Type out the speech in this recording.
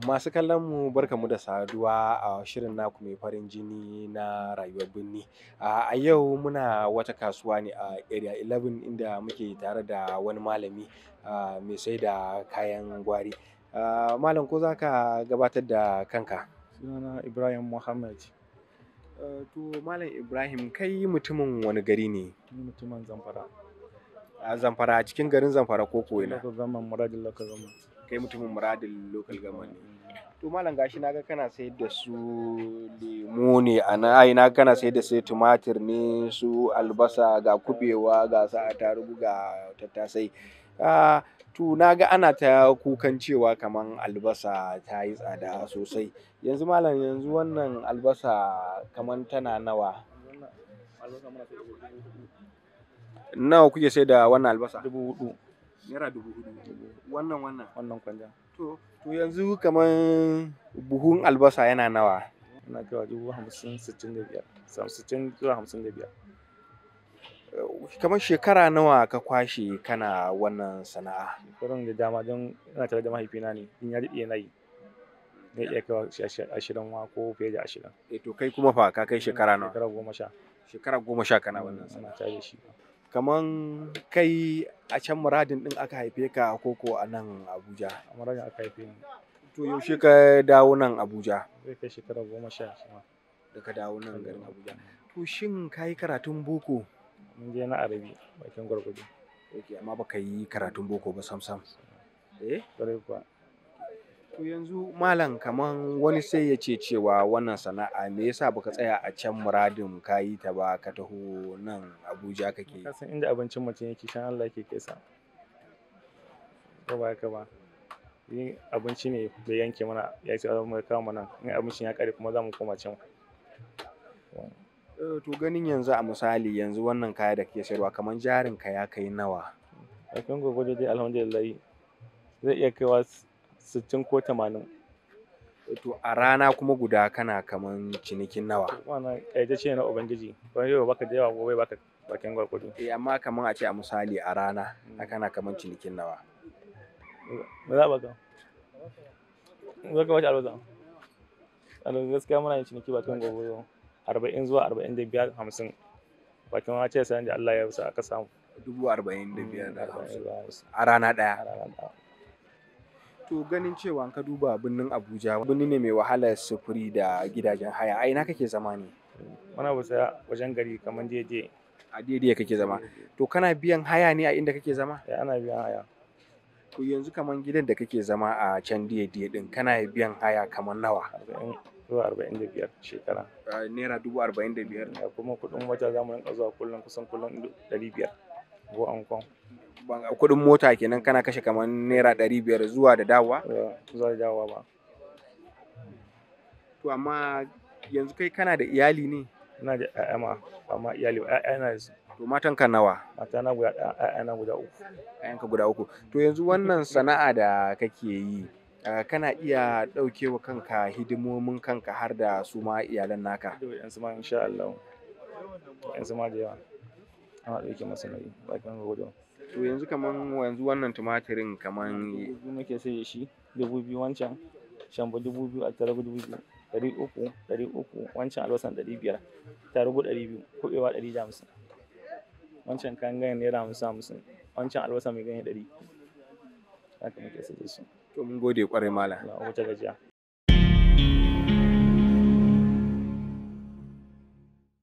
Masu kallon mu barkamu da saduwa a shirin naku mai farin jini na rayuwar birni. A yau muna wata kasuwa ne a Area 11 inda muke tare da wani malami mai sai da kayan gwari. Malam ko za ka gabatar da kanka? Sunana Ibrahim Muhammad. To Malam Ibrahim kai mutumin wani gari ne? mutumin Zamfara. A Zamfara cikin garin Zamfara ko ko ina? Lokacin Muradin Lokacin kai mutumin muradin local government to malam gashi naga kana sayar da su lemu ne a nan ai kana sayar da su tumatir ne su albasa ga kubewa ga sa tarugu ga tattasai ah, to na ga ana ta kukan cewa kaman albasa ta yi tsada sosai yanzu malam yanzu wannan albasa kaman tana nawa nawa kuke sai da wannan albasa dubu hudu naira dubu hudu wannan wannan wannan kwanja to to yanzu kaman buhun albasa yana nawa ina cewa dubu hamsin sittin da biyar sittin zuwa hamsin da biyar kamar shekara nawa ka kwashe kana wannan sana'a shekarun da dama don ina tare da mahaifina ne in ya daɗe yana yi zai iya kawo ashirin wa ko fiye da ashirin e to kai kuma fa ka kai shekara nawa shekara goma sha shekara goma sha kana wannan sana'a ta shi kaman kai a can muradin din aka haife ka koko a nan abuja a muradin aka haife ni to yaushe ka dawo nan abuja zai kai shekara goma sha shima da ka dawo nan garin abuja to shin ka yi karatun boko mun je na arabi bakin gwargwado ok amma baka yi karatun boko ba sam sam eh kwarai kuwa To yanzu malam kaman wani sai ya ce cewa wannan sana'a me yasa baka tsaya a can muradin ka yi ta ba ka taho nan Abuja kake. Ka san inda abincin mutum yake shan Allah yake kai sa. Ko ba haka ba. abinci ne bai yanke mana ya ce mu kawo mana in abincin ya kare kuma za mu koma can. Eh, to ganin yanzu a misali yanzu wannan kaya da kake sayarwa kaman jarin ka ya kai nawa. Akan gwagwado dai alhamdulillah zai iya kaiwa 60 ko 80 to a rana kuma guda kana kaman cinikin nawa wannan kaita ce na ubangiji ban yau baka da yawa ko bai baka bakin gwargwado eh amma kaman a ce a misali a rana na mm. kana kaman cinikin nawa ba za ba ga za ka wace alwaza alhamdulillah gaskiya muna yin ciniki bakin gwargwado 40 zuwa 45 50 bakin wace sai da Allah ya rusa aka samu dubu arba'in da biyar mm, a rana ɗaya To ganin cewa an ka duba birnin Abuja birni ne mai wahalar sufuri da gidajen haya. A ina kake zama ne? Muna wasa wajen gari kamar daidai. A daidai kake zama. To kana biyan haya ne a inda kake zama? Eh ana biyan haya. To yanzu kamar gidan da kake zama a can daidai din kana biyan haya kamar nawa? zuwa arba'in da biyar shekara. Naira dubu arba'in da biyar. Eh, kuma kuɗin wata zamu rinka zuwa kullum kusan kullum ɗari biyar. an kwan. kuɗin mota kenan kana kashe kamar naira ɗari biyar zuwa da dawa? Eh, zuwa da dawa ba to amma yanzu kai kana da iyali ne ina da ƴaƴa ma amma iyali ƴaƴa na yanzu to matan ka nawa mata na guda ƴaƴa na guda uku ƴaƴan ka guda uku to yanzu wannan sana'a da kake yi eh, kana iya ɗaukewa kanka hidimomin kanka har da su ma iyalan naka yanzu ma insha Allah yanzu ma da yawa ana ɗauke nauyi bakin to yanzu kaman yanzu wannan tumatirin kaman dubu nake sai shi dubu biyu wancan shamba dubu biyu a tarabu dubu biyu ɗari uku ɗari uku wancan albasan ɗari biyar tarugu ɗari biyu kuɓewa ɗari da hamsin wancan kayan ganyen naira hamsin hamsin wancan albasa mai ganye ɗari haka muke sai da to mun gode kwarai mala. na wuce gajiya.